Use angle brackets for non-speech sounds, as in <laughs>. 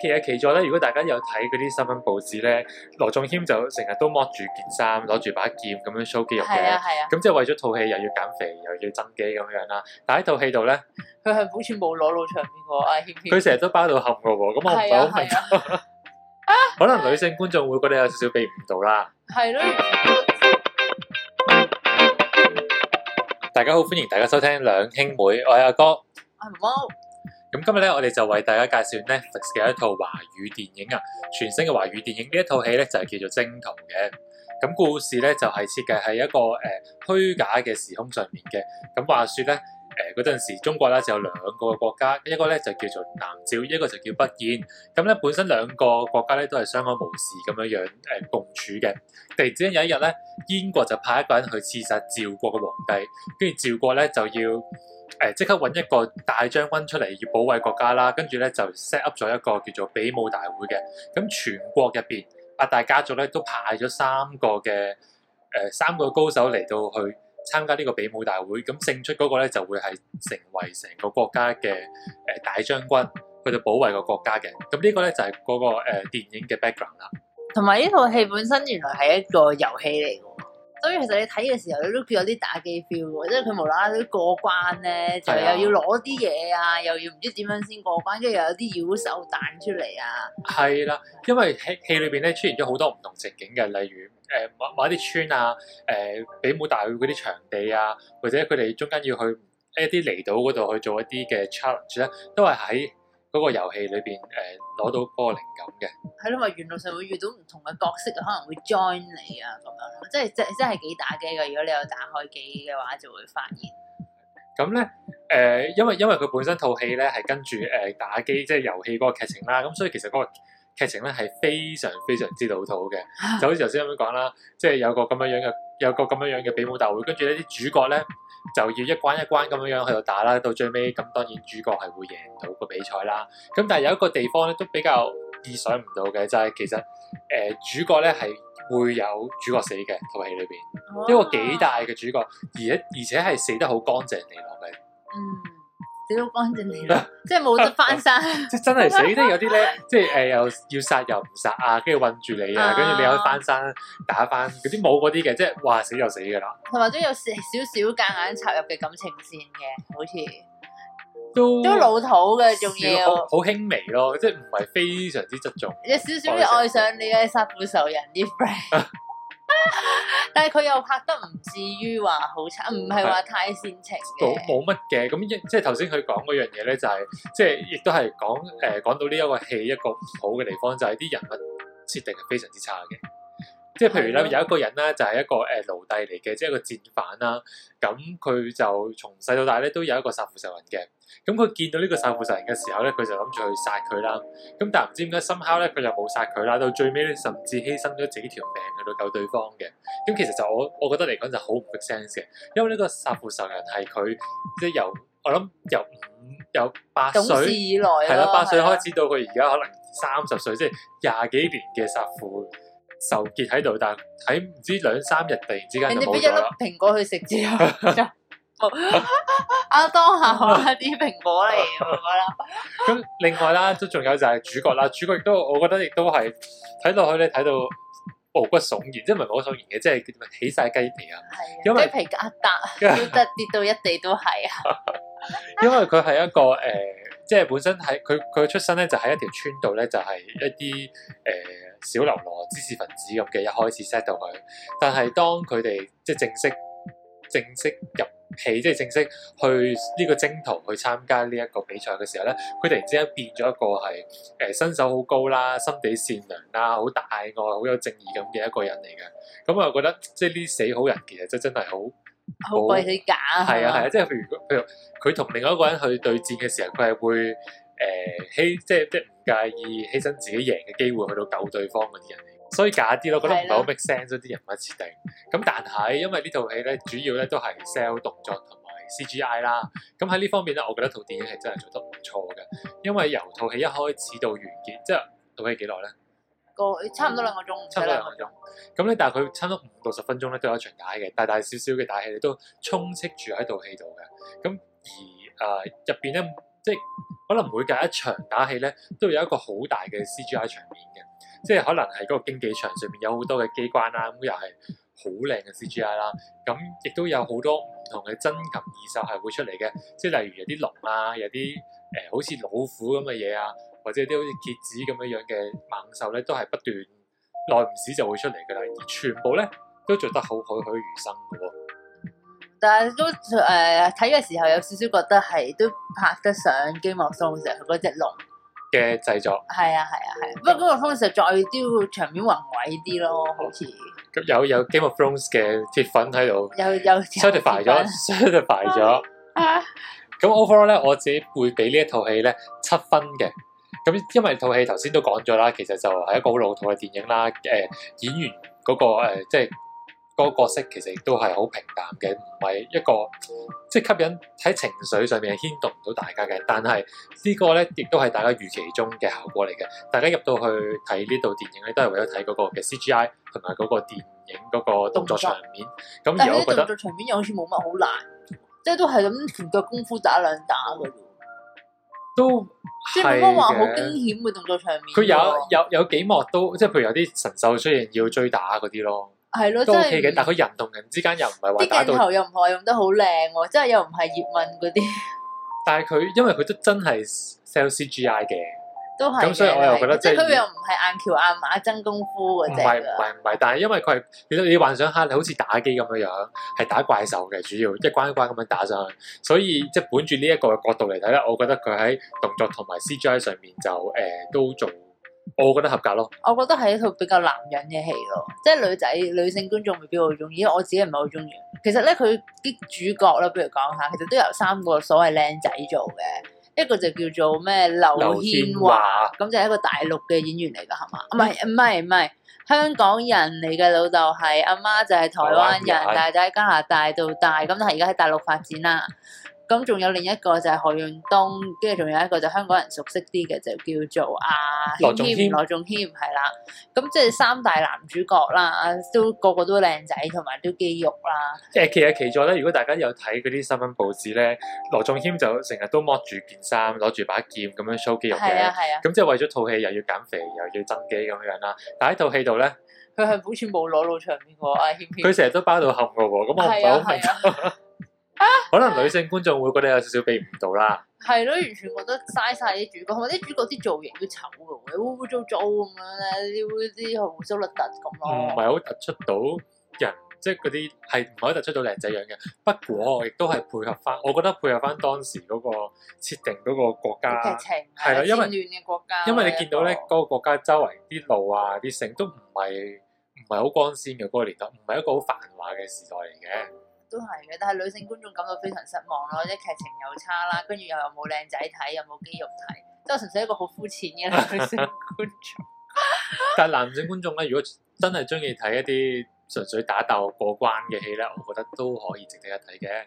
其實其實咧，如果大家有睇嗰啲新聞報紙咧，羅仲謙就成日都剝住件衫，攞住把劍咁樣 show 肌肉嘅，咁即係為咗套戲又要減肥又要增肌咁樣啦。但喺套戲度咧，佢係好似冇攞到場面喎，阿謙佢成日都包到冚個喎，咁我唔係好明。可能女性觀眾會覺得有少少避唔到啦。係咯。大家好，歡迎大家收聽兩兄妹，我係阿哥，阿毛。咁今日咧，我哋就為大家介紹 Netflix 嘅一套華語電影啊，全新嘅華語電影呢一套戲咧就係叫做《征途》嘅。咁故事咧就係設計喺一個誒呃、虛假嘅時空上面嘅。咁話說咧，誒嗰陣時中國咧就有兩個國家，一個咧就叫做南趙，一個就叫北燕。咁、嗯、咧本身兩個國家咧都係相安無事咁樣樣誒共處嘅。突然之間有一日咧，燕國就派一個人去刺殺趙國嘅皇帝，跟住趙國咧就要。誒，即刻揾一個大將軍出嚟要保衛國家啦，跟住咧就 set up 咗一個叫做比武大會嘅，咁全國入邊八大家族咧都派咗三個嘅誒，三個高手嚟到去參加呢個比武大會，咁勝出嗰個咧就會係成為成個國家嘅誒大將軍去到保衛個國家嘅，咁、這、呢個咧就係嗰個誒電影嘅 background 啦。同埋呢套戲本身原來係一個遊戲嚟。所以其實你睇嘅時候，你都叫有啲打機 feel 喎，即係佢無啦啦都過關咧，就又要攞啲嘢啊，又要唔知點樣先過關，跟住又有啲妖手彈出嚟啊。係啦，因為戲戲裏邊咧出現咗好多唔同情景嘅，例如誒某某啲村啊，誒、呃、比武大會嗰啲場地啊，或者佢哋中間要去一啲離島嗰度去做一啲嘅 challenge 咧，都係喺。嗰個遊戲裏邊誒攞到嗰個靈感嘅，係咯、嗯，話原路上會遇到唔同嘅角色可能會 join 你啊咁樣咯，即係即係即係幾打機嘅。如果你有打開機嘅話，就會發現。咁咧誒，因為因為佢本身套戲咧係跟住誒打機即係遊戲嗰個、就是、劇情啦，咁所以其實嗰個劇情咧係非常非常之老土嘅，就好似頭先咁樣講啦，即、就、係、是、有個咁樣樣嘅。有個咁樣樣嘅比武大會，跟住呢啲主角呢，就要一關一關咁樣樣去到打啦，到最尾咁，當然主角係會贏到個比賽啦。咁但係有一個地方呢，都比較意想唔到嘅，就係、是、其實誒、呃、主角呢係會有主角死嘅套戲裏邊，哇一個幾大嘅主角，而且而且係死得好乾淨利落嘅。嗯。死都乾淨你啦，即係冇得翻生。即係真係死，即有啲咧，即係誒，又要殺又唔殺啊，跟住困住你啊，跟住你可以翻生打翻嗰啲冇嗰啲嘅，即係話死就死噶啦。同埋都有少少夾硬插入嘅感情綫嘅，好似都都老土嘅，仲要好輕微咯，即係唔係非常之執着，有少少愛上你嘅殺父仇人啲 friend。 <laughs> <laughs> <laughs> 但係佢又拍得唔至於話好差，唔係話太煽情，冇冇乜嘅咁，即係頭先佢講嗰樣嘢咧，就係、是、即係亦都係講誒、呃、講到呢一個戲一個唔好嘅地方，就係、是、啲人物設定係非常之差嘅。即係譬如咧，有一個人咧，就係一個誒奴隸嚟嘅，即係一個戰犯啦。咁佢就從細到大咧，都有一個殺父仇人嘅。咁佢見到呢個殺父仇人嘅時候咧，佢就諗住去殺佢啦。咁但係唔知點解，somehow 咧，佢就冇殺佢啦。到最尾咧，甚至犧牲咗自己條命去到救對方嘅。咁其實就我，我覺得嚟講就好唔 make sense 嘅。因為呢個殺父仇人係佢即係由，我諗由五由八歲以來係啦，八歲開始到佢而家可能三十歲，的即係廿幾年嘅殺父。仇結喺度，但喺唔知兩三日突然之間就冇咗啦。人哋俾咗粒蘋果去食之後就冇。阿、 <laughs> <laughs> 啊、當下啲蘋果嚟嘅咁。 <laughs> <laughs> 另外啦，都仲有就係主角啦，主角亦都，我覺得亦都係睇落去咧，睇到毛骨悚然，即係唔係毛骨悚然嘅，即係起晒雞皮啊。係雞皮啊，笪為，小、啊、 <laughs> 跌到一地都係啊。 <laughs> <laughs> 因為佢係一個誒、呃，即係本身喺佢佢嘅出身咧，就喺、是、一條村度咧，就係、是、一啲誒。就是小流羅知識分子咁嘅，一開始 set 到佢，但係當佢哋即係正式正式入戲，即係正式去呢個征途去參加呢一個比賽嘅時候咧，佢突然之間變咗一個係誒、呃、身手好高啦，心地善良啦，好大愛，好有正義感嘅一個人嚟嘅。咁、嗯、我又覺得即係呢死好人其實就真真係好好鬼死假，係啊，係啊，即係、啊啊啊、譬如譬如佢同另外一個人去對戰嘅時候，佢係會。誒，犧、呃、即係即係唔介意犧牲自己贏嘅機會去到救對方嗰啲人嚟，所以假啲咯，覺得唔係好 make sense 啲人物設定。咁但係，因為呢套戲咧，主要咧都係 sell 動作同埋 C G I 啦。咁喺呢方面咧，我覺得套電影係真係做得唔錯嘅，因為由套戲一開始到完結，即係套戲幾耐咧？呢差個，兩個，嗯、差唔多兩個鐘，差唔多兩個鐘。咁咧，但係佢差唔多五到十分鐘咧，都有一場打戲嘅，大大小小嘅打戲，你都充斥住喺套戲度嘅。咁而誒入邊咧。呃即係可能每隔一場打戲咧，都有一個好大嘅 CGI 場面嘅，即係可能係嗰個競技場上面有好多嘅機關啦，咁又係好靚嘅 CGI 啦，咁亦都有好多唔同嘅珍禽異獸係會出嚟嘅，即係例如有啲龍啊，有啲誒、呃、好似老虎咁嘅嘢啊，或者啲好似蠍子咁樣樣嘅猛獸咧，都係不斷耐唔時就會出嚟嘅啦，而全部咧都做得好栩栩如生嘅喎。都誒睇嘅時候有少少覺得係都拍得上《Game of Thrones》嗰隻龍嘅製作，係啊係啊係啊，啊啊嗯、不過《Game of Thrones》再都場面宏偉啲咯，好似有有《Game of Thrones》嘅鐵粉喺度，有有 certify 咗，certify 咗。咁 overall 咧，我自己會俾呢一套戲咧七分嘅。咁因為套戲頭先都講咗啦，其實就係一個好老土嘅電影啦。誒演員嗰個誒即係。個角色其實都亦都係好平淡嘅，唔係一個即係吸引，喺情緒上面係牽動唔到大家嘅。但係呢個咧亦都係大家預期中嘅效果嚟嘅。大家入到去睇呢套電影咧，都係為咗睇嗰個嘅 CGI 同埋嗰個電影嗰個動作場面。咁作但係啲動作場面又好似冇乜好難，即係都係咁拳腳功夫打兩打嘅。都是是即係冇乜話好驚險嘅動作場面。佢有有有，有幾幕都即係譬如有啲神獸出現要追打嗰啲咯。係咯，都 OK 嘅，但佢人同人之間又唔係話打到鏡頭又唔係用得好靚，即係、啊、又唔係葉問嗰啲。 <laughs> 但係佢因為佢都真係 sell CGI 嘅，都係咁，所以我又覺得、就是、即係是。佢又唔係硬橋硬馬真功夫嘅啫，唔係唔係唔係，但係因為佢係，其實你幻想下，你好似打機咁樣樣，係打怪獸嘅主要，一關一關咁樣打上去，所以即係、就是、本住呢一個嘅角度嚟睇咧，我覺得佢喺動作同埋 CGI 上面就誒、呃、都做。我覺得合格咯，我覺得係一套比較男人嘅戲咯，即係女仔女性觀眾未必好中意，因為我自己唔係好中意。其實咧，佢啲主角咧，不如講下，其實都有三個所謂靚仔做嘅，一個就叫做咩劉憲華，咁就係一個大陸嘅演員嚟噶，係嘛？唔係唔係唔係香港人嚟嘅，老豆係阿媽就係台灣人，但係就喺加拿大度大，咁但係而家喺大陸發展啦。咁仲有另一個就係何潤東，跟住仲有一個就香港人熟悉啲嘅就叫做阿、啊、羅仲謙，謙羅仲謙係啦。咁即係三大男主角啦，都個個都靚仔，同埋都肌肉啦。誒，其實其在咧，如果大家有睇嗰啲新聞報紙咧，羅仲謙就成日都剝住件衫，攞住把劍咁樣 show 肌肉嘅。係啊，係啊。咁即係為咗套戲又要減肥，又要增肌咁樣啦。但喺套戲度咧，佢係好似冇攞到場面喎、啊，阿謙謙。佢成日都包到冚個喎，咁我唔想問 <laughs> 可能女性觀眾會覺得有少少避唔到啦，係咯，完全覺得嘥晒啲主角，同埋啲主角啲造型都醜噶，你污糟糟咁樣咧，啲啲胡鬚甩甩咁咯，唔係好突出到人，即係嗰啲係唔可以突出到靚仔樣嘅。不過亦都係配合翻，我覺得配合翻當時嗰個設定嗰個國家劇情係啦，因為亂嘅國家，因為你見到咧嗰 <music> 個國家周圍啲路啊、啲城都唔係唔係好光鮮嘅，嗰、嗰個年代唔係一個好繁華嘅時代嚟嘅。都係嘅，但係女性觀眾感到非常失望咯，即係劇情又差啦，跟住又有冇靚仔睇，又冇肌肉睇，即係純粹一個好膚淺嘅女性觀眾。 <laughs> <laughs> 但係男性觀眾咧，如果真係中意睇一啲純粹打鬥過關嘅戲咧，我覺得都可以值得一睇嘅。